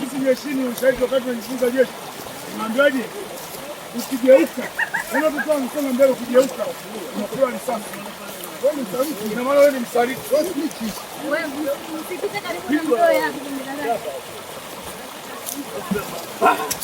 Sisi jeshini ushahidi, wakati tunajifunza jeshi unaambiwaje? Ukigeuka unapotoa mkono mbele, ukigeuka unapewa risasi. Ina maana wewe ni msaliti.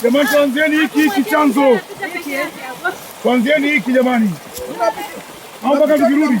Jamani, tuanzieni hiki hiki chanzo, tuanzieni hiki jamani, au mpaka tukirudi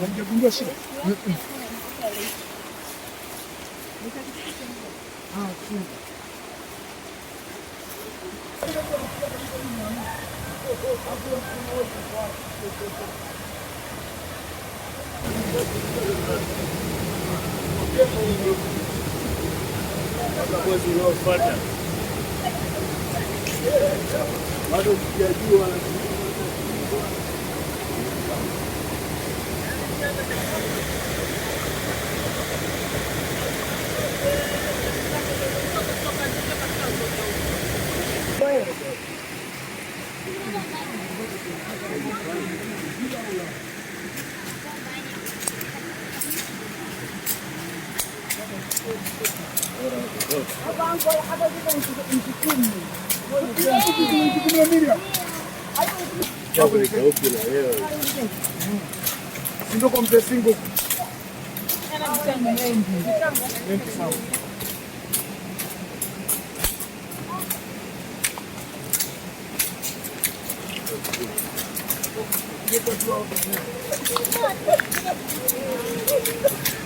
먼저 문가시라. 아, 그. Acabou esse jogo, Fábio. Mas eu queria duas. Sindok ang t e s i g ko. Thank you.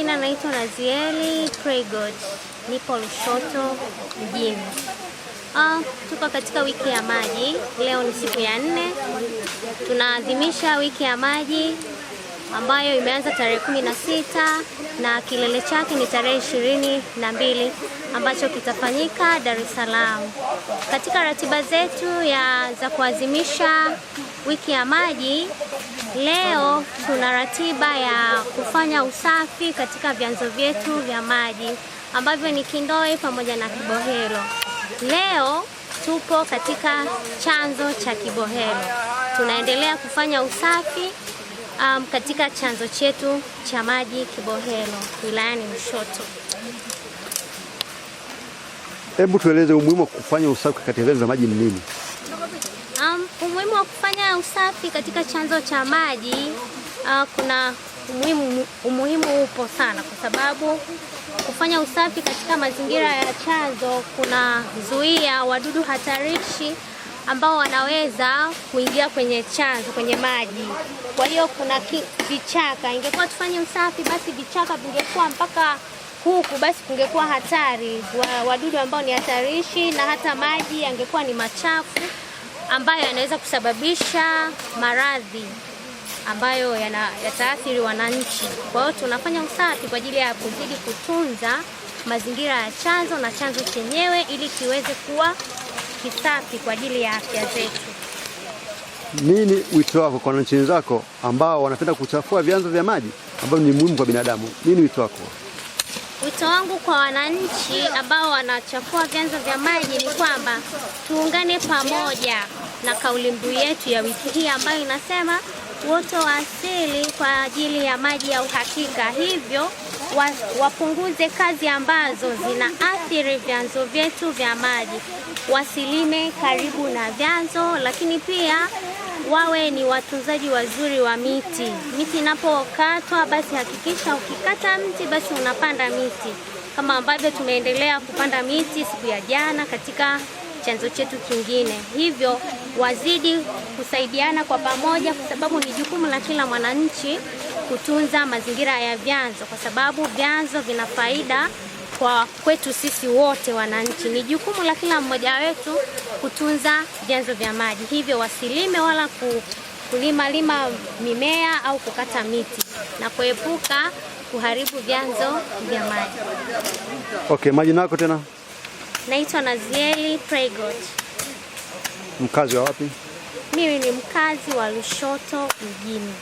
jina naitwa Nazieli Praygod, nipo Lushoto mjini. Uh, tuko katika wiki ya maji. Leo ni siku ya nne, tunaadhimisha wiki ya maji ambayo imeanza tarehe kumi na sita na kilele chake ni tarehe ishirini na mbili ambacho kitafanyika Dar es Salaam. Katika ratiba zetu ya za kuadhimisha wiki ya maji Leo tuna ratiba ya kufanya usafi katika vyanzo vyetu vya maji ambavyo ni Kindoe pamoja na Kibohero. Leo tupo katika chanzo cha Kibohero, tunaendelea kufanya usafi um, katika chanzo chetu cha maji Kibohero wilayani mshoto Hebu tueleze umuhimu wa kufanya usafi katika vyanzo vya maji ni nini? Um, umuhimu wa kufanya usafi katika chanzo cha maji uh, kuna umuhimu, umuhimu upo sana kwa sababu kufanya usafi katika mazingira ya chanzo kuna zuia wadudu hatarishi ambao wanaweza kuingia kwenye chanzo, kwenye maji. Kwa hiyo kuna vichaka, ingekuwa tufanye usafi, basi vichaka vingekuwa mpaka huku, basi kungekuwa hatari wa, wadudu ambao ni hatarishi na hata maji yangekuwa ni machafu ambayo yanaweza kusababisha maradhi ambayo yataathiri wananchi. Kwa hiyo tunafanya usafi kwa ajili ya kuzidi kutunza mazingira ya chanzo na chanzo chenyewe ili kiweze kuwa kisafi kwa ajili ya afya zetu. Nini wito wako kwa wananchi wenzako ambao wanapenda kuchafua vyanzo vya maji ambayo ni muhimu kwa binadamu? Nini wito wako? Wito wangu kwa wananchi ambao wanachafua vyanzo vya maji ni kwamba tuungane pamoja na kauli mbiu yetu ya wiki hii ambayo inasema uoto wa asili kwa ajili ya maji ya uhakika, hivyo wa, wapunguze kazi ambazo zina athiri vyanzo vyetu vya maji, wasilime karibu na vyanzo, lakini pia wawe ni watunzaji wazuri wa miti. Miti inapokatwa basi hakikisha ukikata mti basi unapanda miti, kama ambavyo tumeendelea kupanda miti siku ya jana katika chanzo chetu kingine. Hivyo wazidi kusaidiana kwa pamoja, kwa sababu ni jukumu la kila mwananchi kutunza mazingira ya vyanzo, kwa sababu vyanzo vina faida kwa kwetu sisi wote wananchi. Ni jukumu la kila mmoja wetu kutunza vyanzo vya maji, hivyo wasilime wala ku, kulima lima mimea au kukata miti na kuepuka kuharibu vyanzo vya maji. Okay, maji nako tena? Naitwa Nazieli Pregod. Mkazi wa wapi? Mimi ni mkazi wa Lushoto mjini.